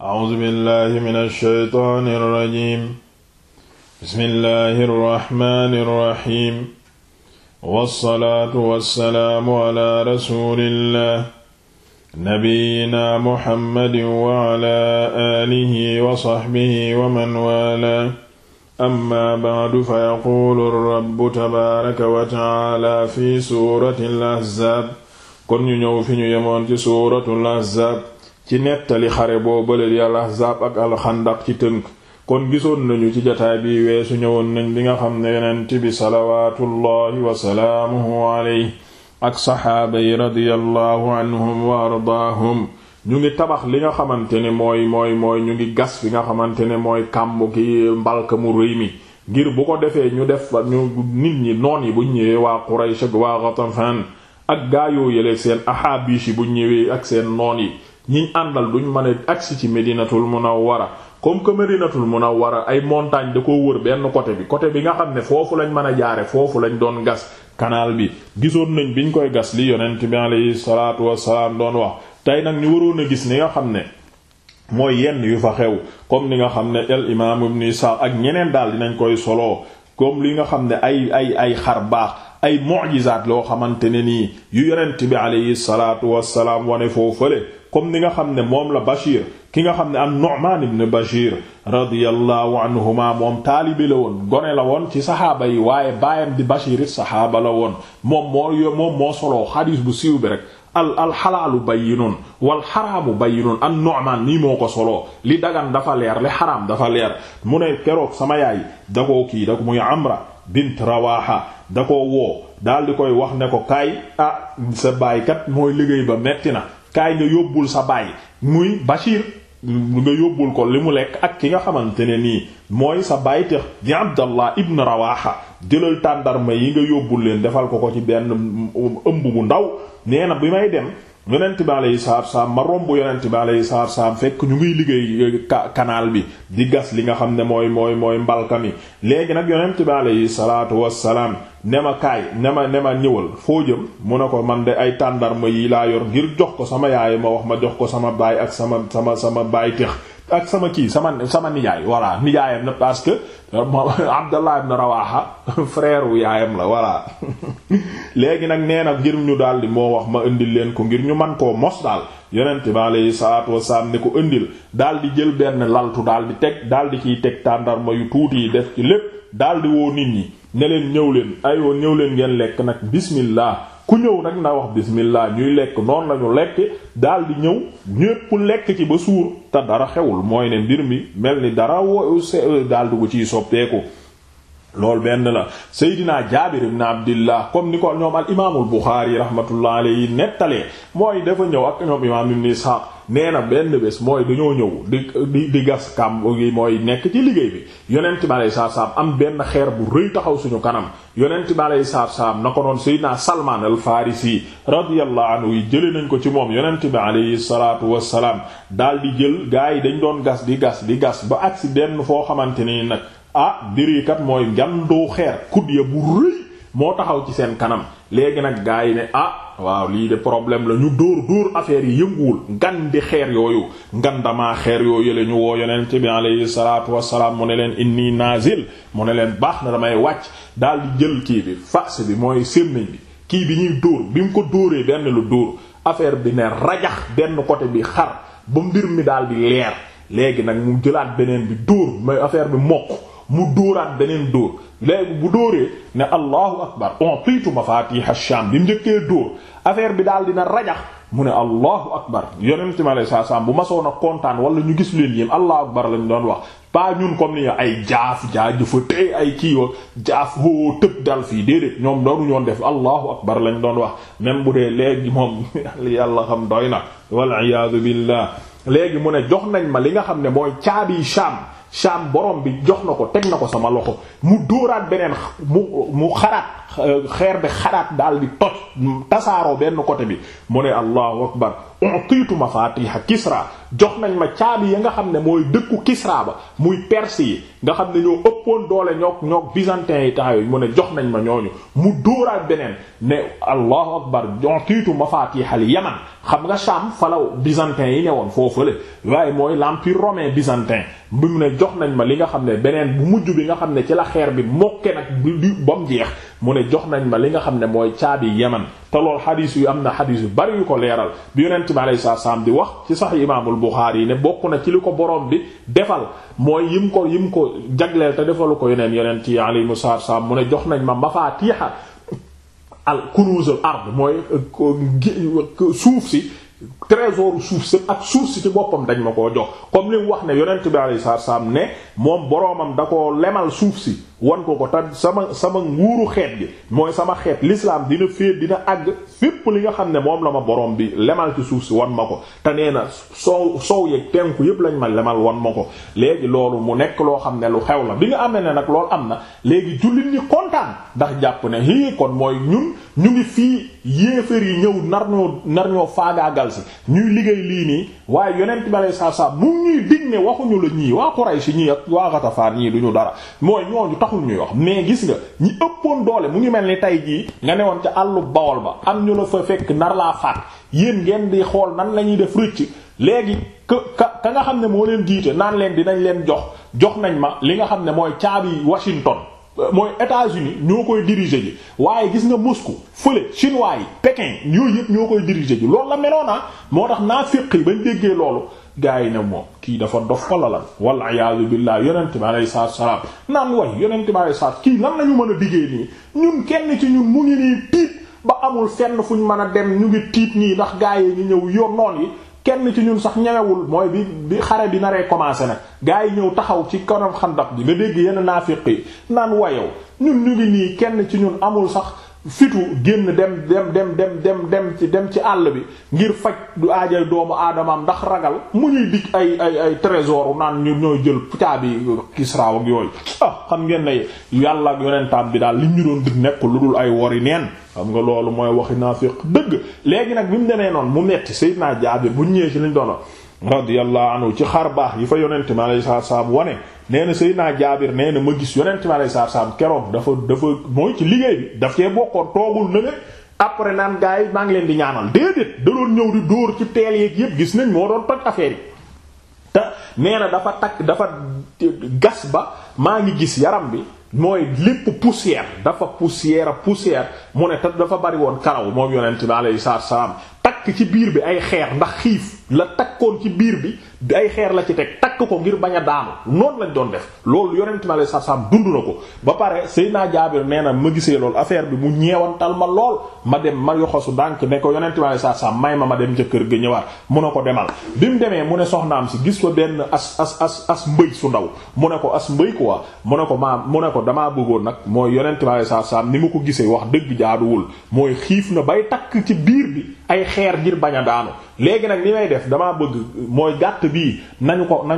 A'uuzu billahi mina shaytaani rajiim. Bismillahi rahmaani rahiim. Wassalaatu wassalaamu ala rasuulillah. Nabiyyina Muhammadin wa ala aalihi wa sahbihi wa man waalaa. Amma ba'du fa yaquulu rabbu tabaaraka wa ta'aala fi suuratil ahzaab. Kon ñu ñëw fi ñu yemoon ci suuratul ahzaab. ci nettali xare boobale di al ak al ci tënk kon gisoon nañu ci jataay bi weesu ñëwoon nañ li nga xam ne yonent bi salawaatullahi wa salaamuhu alayhi ak saxaaba yi radiyallahu anhum wa ardaahum ñu ngi tabax li nga xamante ne mooy mooy mooy ñu ngi gas bi nga xamante ne mooy kàmb ki mbalka mu réy mi ngir bu ko defee ñu def ñu nit ñi noon yi bu ñëwee waa Quraysh ak waa Ghatafan ak gaayoo yële seen ahaabish buñ ñëwee ak seen noon yi ñiñ àndal duñ mën a agsi ci Medinatul Munawwara comme que Medinatul Munawwara ay montagne da koo wër benn côté bi côté bi nga xam ne foofu lañ mën a jaare foofu lañ doon gas canal bi gisoon nañ biñ koy gas li yonent bi alayhi salaatu wassalaam doon wax tey nag ñu waroon a gis ni nga xam ne mooy yenn yu fa xew comme ni nga xam ne el imaam ibn Isa ak ñeneen daal dinañ koy soloo comme li nga xam ne ay ay ay xar baax ay mu'jizaat loo xamante ne nii yu yonent bi alayhi salaatu wassalaam wane foofale comme ni nga xam ne moom la Bashir ki nga xam ne am Nu'man ibn Bashir radiyallahu anhuma moom taalibe la woon gone la woon ci saxaaba yi waaye baayam di Bashir it saxaaba la woon moom moo solo moo xadiis bu siw bi rek al al xalaalu bayyinun wal xaraamu bayyinun an Nu'man nii moo ko soloo li dagan dafa leer li xaraam dafa leer mu ne keroog sama yaay da koo kii da bint Rawaha da ko woo daal di koy wax ne ko kaay ah sa baay kat mooy liggéey ba metti na kaay nga yóbbul sa baay muy Bashir nga yóbbul ko li mu lekk ak ki nga xamante ne nii mooy sa baay te di Abdallah ibn Rawaha jëlal tàndarma yi nga yóbbul leen defal ko ko ci benn ëmb bu ndaw nee na bi may dem yonent bi yi salaatu salaam ma romb yonent bi alayhi salaatu salaam fekk ñu ngiy liggéey euh, kanaal bi di gas li nga xam ne mooy mooy mooy mbalka mi léegi nag yonent bi yi salaatu wassalaam ne ma kaay ne ma ne ma ñëwal foo jëm mu ne ko man de ay tàndarma yi laa yor ngir jox ko sama yaay ma wax ma jox ko sama baay ak sama sama sama baay tex ak sama kii sama sama nijaay voilà nijaayam na parce que Abdallah ibn Rawaha la voilà léegi nag nee na ngir ñu daal di moo wax ma indil leen ko ngir ñu man koo mos daal yeneen bi alayhi salaatu wasalaam ne ko indil daal di jël benn laltu daal di teg daal di kiy teg tàndarma yu tuuti yi def ci lépp daal di woo nit ñi. ne leen ñëw leen aywa ñëw leen ngeen lekk nag bismillah ku ñëw nag na wax bismillah ñuy lekk noonu lañu lekk daal di ñëw ñépp lekk ci ba suur te dara xewul mooy ne mbir mi mel ni dara wo daal di ko ciy soppeeku loolu benn la Seydina Jaabir ibn Abdillah comme ni ko ñoom al imaamul Buxaari rahmatullah alayhi nettalee mooy dafa ñëw ak ñoom imaam ibn nee na benn bés mooy dañoo ñëw di di di gas kàmb gi mooy nekk ci liggéey bi yonent bi aleyhi salaatu salaam am benn xeer bu rëy taxaw suñu kanam yonent bi aleyhi salaatu na ko noon Seydina Salmaan al Farisi radiyallahu anhu yi jëlee nañ ko ci moom yonent bi aleyhi salaatu wassalaam daal di jël gaa yi dañ doon gas di gas di gas ba agsi benn foo xamante ni nag ah dirikat mooy gandoo xeer kudd ya bu rëy moo taxaw ci seen kanam léegi nag gars yi ne ah waaw lii de problème la ñu dóor dóor affaire yi yënguwul ngan di xeer yooyu ngan damaa xeer yooyu la ñu woo yonent bi alayhi salaatu wassalaam mu ne leen inni nazil mu ne leen baax na damay wàcc daal di jël kii bi fas bi mooy sémmiñ bi kii bi ñuy dóor bi mu ko dóoree benn lu dóor affaire bi ne rajax benn côté bi xar ba mbir mi daal di leer léegi nag mu jëlaat beneen bi dóor mooy affaire bi mokk mu dóoraat beneen dóor léegi bu dóoree ne allahu akbar on tiitu mafatih sham bi mu njëkkee dóor affaire bi daal dina rajax mu ne allahu akbar yonent mi alayhi salaam bu ma a kontaan wala ñu gis leen yéem allahu akbar lañ doon wax pas ñun comme ni ay jaaf jaajëfa tey ay kii yoo jaaf hoo tëb dal fii déedéet ñoom doonuñu woon def allahu akbar lañ doon wax même bu dee léegi moom yàlla xam doy na wal iyaadu billah léegi mu ne jox nañ ma li nga xam ne mooy caabi Sham Sham borom bi jox na ko teg na ko sama loxo mu dóoraat beneen mu mu xaraat Euh, xeer bi xalaat daal di toj tasaaroo benn côté bi mu ne allahu akbar utiitu mafaatiha kisra jox nañ ma caabi ya nga xam ne mooy dëkku kisra ba muy perse yi nga xam ne ñoo ëppoon doole ñook ñook byzantin yi tax yooyu mu ne jox nañ ma ñooñu mu dóoraat beneen ne allahu akbar utiitu mafaatiha li yaman xam nga Sham falaw byzantin yi ne woon foofale waaye mooy l'empire romain byzantin bi mu ne jox nañ ma li nga xam ne beneen bu mujj bi nga xam ne ci la xeer bi mokke nag jox nañ ma li nga xam ne mooy caabi yaman te lool xadiis yu am na xadiis yu bari yu ko leeral bi yonent bi alayhi salaam di wax ci sax imaamul Buxaari yi ne bokk na ci li ko boroom bi defal mooy yim ko yim ko jagleel te defalu ko yeneen yonent yi alayhimu salaam mu ne jox nañ ma mafaatiixa al kunuuzul ard mooy euh, suuf si trésor suuf si ak suuf si ci boppam dañ ma koo jox comme li mu wax ne yonent bi alayhi saam ne moom boromam da ko lemal suuf si wan ko ko tam sama sama nguuru xeet gi mooy sama xeet l'islam dina féet dina àgg fépp li nga xam ne moom la ma borom bi lemal ci suuf si wan ma ko te nee na soow soow yeeg tenku yépp lañ ma lemal wan ma ko léegi loolu mu nekk loo xam ne lu xew la bi nga amee ne nag loolu am na léegi jullit ñi kontaan ndax jàpp ne hii kon mooy ñun ñu ngi fii yéefar yi ñëw nar ñoo nar ñoo faagaagal si ñuy liggéey lii nii waaye yonent bi alayhi salaatu salaam mu ñuy dig ne waxuñu la ñii waa Quraysh ñii ak waa Ghatafaan ñii duñu dara mooy ñooñu taxul ñuy wax mais gis nga ñi ëppoon doole mu ngi mel ni tey jii nga newoon ca àllu Bawol ba am ñu la fa fekk nar laa faat yéen ngeen di xool nan la ñuy def rëcc léegi ka ka ka nga xam ne moo leen jiite naan leen dinañ leen jox jox nañ ma li nga xam ne mooy caabi Washington mooy États-Unis ñoo koy diriger ji waaye gis nga Moscou fële chinois yi Pékin yooyu yëpp ñoo koy diriger ji loolu la meloon naa ah. moo tax naa féq yi bañ déggee loolu gaa yi ne moom kii dafa dof wala lan wala iyaazu billaah yonent bi alayhi salaatu salaam nan way yonent bi alayhi salaatu kii nan la ñu mën a diggee nii ñun kenn ci ñun mu ngi nii tiit ba amul fenn fu ñu mën a dem ñu ngi tiit nii ndax gaa yi ñu ñëw yoon noon yi kenn ci ñun sax ñewewul mooy bi bi xare bi naree commencé nag gaa yi ñëw taxaw ci kanam xandax bi nga dégg yenn naafiq yi naan wayow ñun ñu ngi nii kenn ci ñun amul sax fitu génn dem dem dem dem dem dem ci dem ci àll bi ngir faj du aajay doomu aadamaam ndax ragal mu ñuy dig ay ay ay trésor naan ñu ñooy jël caabi Kisra ak yooyu ah xam ngeen ne yàlla ak yonentam bi daal li ñu doon dig nekkul lu dul ay wori neen xam nga loolu mooy waxi naafiq dëgg léegi nag bi mu demee noonu mu metti naa Jaabir bu ñëwee ci liñ doon radiyallahu anhu ci xar baax yi fa yonent mi alayhi salaatu salaam wane nee na Seydina Jaabir nee na ma gis yonent mi alayhi salaatu salaam keroog dafa dafa mooy ci liggéey bi daf cee bokkoon toogul na ne après naan gars yi maa ngi leen di ñaanal déedéet da ñëw di dóor ci teel yeeg yëpp gis nañ moo doon toj affaire yi. te nee na dafa takk dafa gas ba maa ngi gis yaram bi mooy lépp poussière dafa poussière poussière mu ne te dafa bari woon karaw moo yonent mi alayhi salaatu salaam ci biir bi ay xeer ndax xiif la takkoon ci biir bi ay xeer la ci teg takk ko ngir bañ a daanu noonu lañ doon def loolu yonent mi alayhi salaam dund na ko ba pare Seydina Jaabir nee na ma gisee loolu affaire bi mu ñeewantal ma lool ma dem ma yoxosu ndànk ne ko yonent mi alayhi may ma ma dem ca kër ga mu ne ko demal gis ko benn as as as as mbëy su ndaw mu ne ko as mbëy quoi mu ne ko maa mu ne ko damaa bëggoon nag mooy yonent mi alayhi salaam ni ma ko gisee wax dëgg jaaduwul mooy xiif na bay takk ci biir bi ay xeer ngir baña a daanu léegi nag li may def damaa bëgg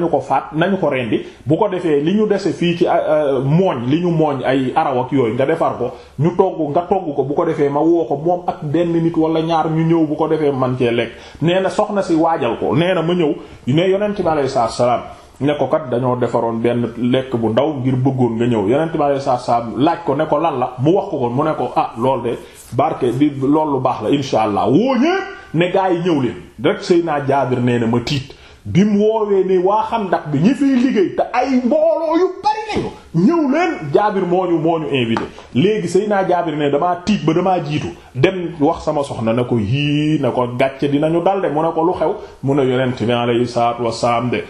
nañu ko faat nañu ko rendi bu ko defee li ñu dese fii ci euh, euh, mooñ li ñu mooñ ay araw ak yooyu nga defar ko ñu togg nga togg ko bu ko defee ma woo ko moom ak benn nit wala ñaar ñu ñëw bu ko defee man cee lekk nee na soxna si waajal ko nee na ma ñëw ne yonent bi alayhi salaam ne ko kat dañoo defaroon benn lekk bu ndaw ngir bëggoon nga ñëw yonent bi alayhi salaam laaj ko ne ko lan la mu wax ko ko mu ne ko ah lool de barke bi loolu lu baax la insha allah woo ñëpp ne gaa yi ñëw leen rek Seydina Jaabir nee na ma tiit bi mu woowee ne waa Xandaq bi ñi fiy liggéey te ay mbooloo yu bari lañu ñëw leen Jaabir moo ñu moo ñu invité léegi sëy naa Jaabir ne damaa tiit ba damaa jiitu dem wax sama soxna na ko yii na ko gàcce dinañu dal de mu ne ko lu xew mu ne yonent bi alayhi salaatu wassalaam de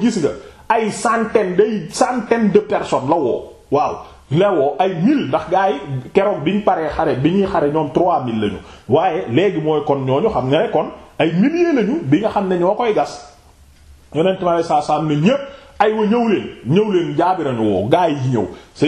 gis nga ay centaine day centaine de personnes la woo waaw la woo ay mille ndax gaa yi keroog ñu paree xare bi ñuy xare ñoom 3000 lañu waaye léegi mooy kon ñooñu xam nga ne kon ay milliers lañu bi nga xam ne ñoo koy gas yonent ma lay saa saam ne ñépp aywa ñëw leen ñëw leen jaabira ñu woo gaa yi ñëw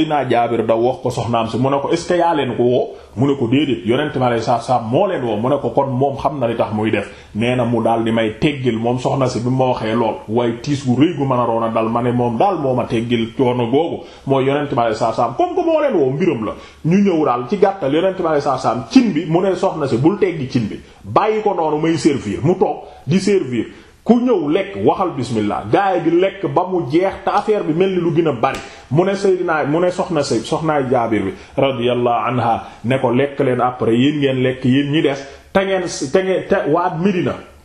naa jaabir da wax ko soxnaam si mu ne ko est ce que yaa leen ko woo mu ne ko déedéet yonent ma lay saaf moo leen woo ne ko kon moom xam na li tax muy def nee na mu daal di may teggil moom soxna si bi ma waxee lool waaye tiis gu rëy gu mën a roon ma ne moom daal moo ma teggil coono googu mooy yonent ma lay saaf saaf comme que moo leen woo mbiram la ñu ñëw daal ci gàttal yonent ma lay saaf saaf cin bi mu ne soxna si bul teggi cin bi bàyyi ko noonu may servir mu toog di servir ku ñëw lekk waxal bismillah gaay bi lekk ba mu jeex te affaire bi mel ni lu gën a bari mu ne Seydina mu ne soxna say soxnaay jaabir bi radiyallahu anha ne ko lekk leen après yéen ngeen lekk yéen ñi des te ngeen te ngeen te waa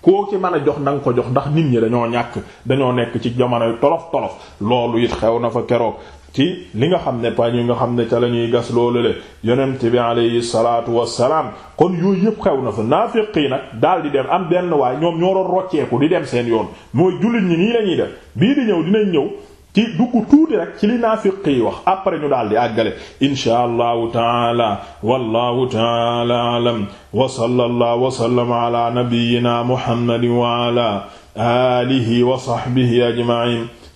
koo ci mën a jox na nga ko jox ndax nit ñi dañoo ñàkk dañoo nekk ci jamonoy tolof tolof loolu it xew na fa keroog ci li nga xam ne pañ yi nga xam ne ca la ñuy gas loolu le yonent bi alayhi salaatu wassalaam kon yooyu yëpp na fa naafiq yi nag daal di dem am benn waay ñoom ñoo doon rocceeku di dem seen yoon mooy jullit ñi nii la ñuy def bii di ñëw dinañ ñëw ci dugg tuuti rek ci li naafiq wax après ñu daal di àggale inshaa allahu taala wallahu taala alam wa sallallahu wa sallama ala nabiyyina muhammadin wa ala alihi wa sahbihi ajma'in